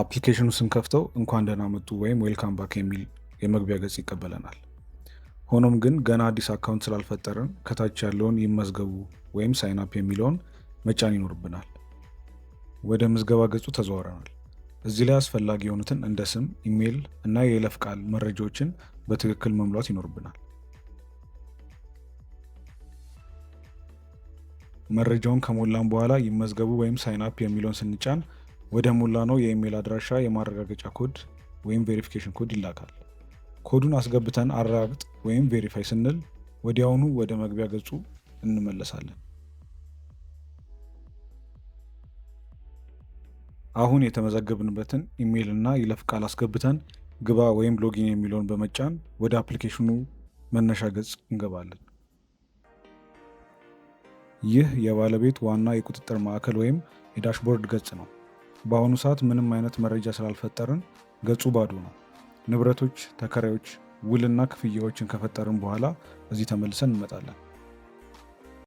አፕሊኬሽኑ ስም ከፍተው እንኳን ደህና መጡ ወይም ዌልካም ባክ የሚል የመግቢያ ገጽ ይቀበለናል። ሆኖም ግን ገና አዲስ አካውንት ስላልፈጠርን ከታች ያለውን ይመዝገቡ ወይም ሳይን አፕ የሚለውን መጫን ይኖርብናል። ወደ ምዝገባ ገጹ ተዘዋውረናል። እዚህ ላይ አስፈላጊ የሆኑትን እንደ ስም፣ ኢሜይል እና የይለፍ ቃል መረጃዎችን በትክክል መሙላት ይኖርብናል። መረጃውን ከሞላን በኋላ ይመዝገቡ ወይም ሳይን አፕ የሚለውን ስንጫን ወደ ሞላ ነው የኢሜል አድራሻ የማረጋገጫ ኮድ ወይም ቬሪፊኬሽን ኮድ ይላካል። ኮዱን አስገብተን አረጋግጥ ወይም ቬሪፋይ ስንል ወዲያውኑ ወደ መግቢያ ገጹ እንመለሳለን። አሁን የተመዘገብንበትን ኢሜይል እና ይለፍ ቃል አስገብተን ግባ ወይም ሎጊን የሚለውን በመጫን ወደ አፕሊኬሽኑ መነሻ ገጽ እንገባለን። ይህ የባለቤት ዋና የቁጥጥር ማዕከል ወይም የዳሽቦርድ ገጽ ነው። በአሁኑ ሰዓት ምንም አይነት መረጃ ስላልፈጠርን ገጹ ባዶ ነው። ንብረቶች፣ ተከራዮች፣ ውልና ክፍያዎችን ከፈጠርን በኋላ እዚህ ተመልሰን እንመጣለን።